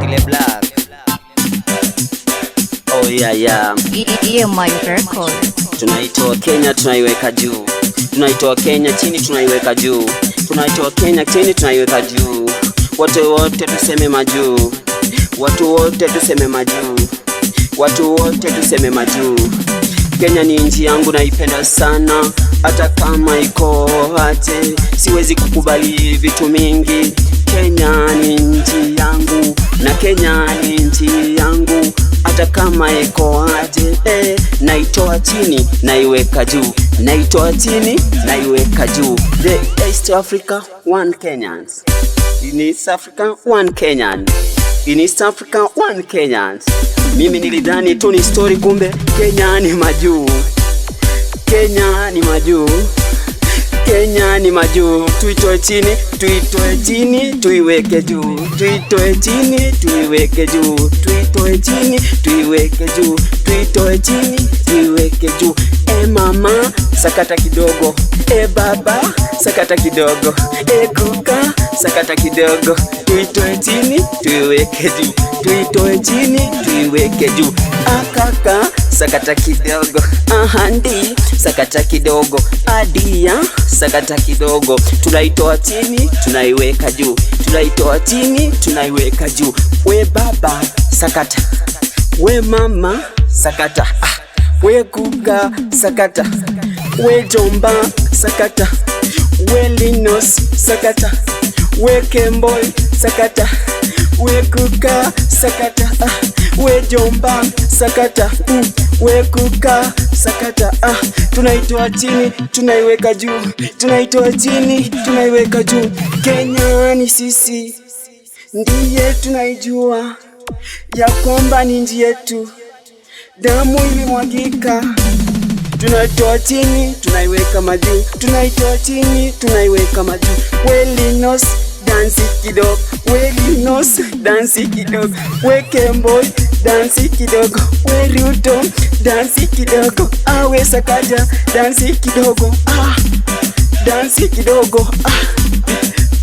Tile Black. Oh yeah yeah. EMI Record. Tunaitoa Kenya tunaiweka juu. Tunaitoa Kenya chini tunaiweka juu. Tunaitoa Kenya chini tunaiweka juu. Watu wote tuseme majuu. Watu wote tuseme majuu. Watu wote tuseme majuu. Kenya ni nchi yangu naipenda sana, hata kama iko aje, siwezi kukubali vitu mingi. Kenya ni Kenya ni nchi yangu, hata kama iko aje eh, naitoa chini naiweka juu, naitoa chini naiweka juu. The East Africa one Kenyans, in East Africa one Kenyan, in East Africa one Kenyans. Mimi nilidhani tu ni story, kumbe Kenya ni majuu, Kenya ni majuu. Kenya ni majuu, tuitoe chini, tuitoe chini, tuiweke juu, tuitoe chini, tuiweke juu, tuitoe chini, tuiweke juu, tuitoe chini, tuiweke juu. E mama sakata kidogo, e baba sakata kidogo, e kuka sakata kidogo, tuitoe chini, tuiweke juu, tuitoe chini, tuiweke juu, akaka sakata kidogo, aha, ndi sakata kidogo, adia sakata kidogo, tunaitoa chini tunaiweka juu, tunaitoa chini tunaiweka juu. We baba sakata, we mama sakata, ah. we kuga sakata, we jomba sakata, we linos sakata, we kemboy sakata, we kuga sakata, ah. we jomba sakata mm wekuka sakata ah, tunaitoa chini tunaiweka juu, tunaitoa chini tunaiweka juu. Kenya ni sisi, ndiye tunaijua ya kwamba ni nji yetu, damu ilimwagika. tunaitoa chini tunaiweka majuu, tunaitoa chini tunaiweka majuu. Welinos dansi kidogo, Welinos dansi kidogo, weke boy dansi kidogo, werudo dansi kidogo, awe ah, sakaja dansi kidogo, ah, dansi kidogo, ah,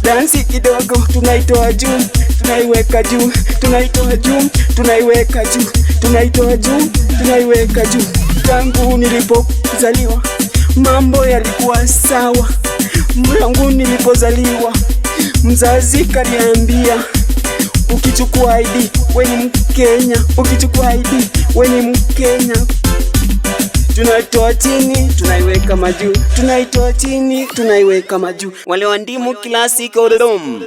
dansi kidogo, tunaitoa juu, tunaiweka juu, tunaitoa juu, tunaiweka juu, tunaitoa juu, tunaiweka juu. Tangu nilipozaliwa mambo yalikuwa sawa, tangu nilipozaliwa mzazi kaniambia ukichukua ID weni Mkenya, ukichukua ID weni Mkenya. Tunaitoa chini tunaiweka majuu, tunaitoa chini tunaiweka majuu, wale wandimu classic kodom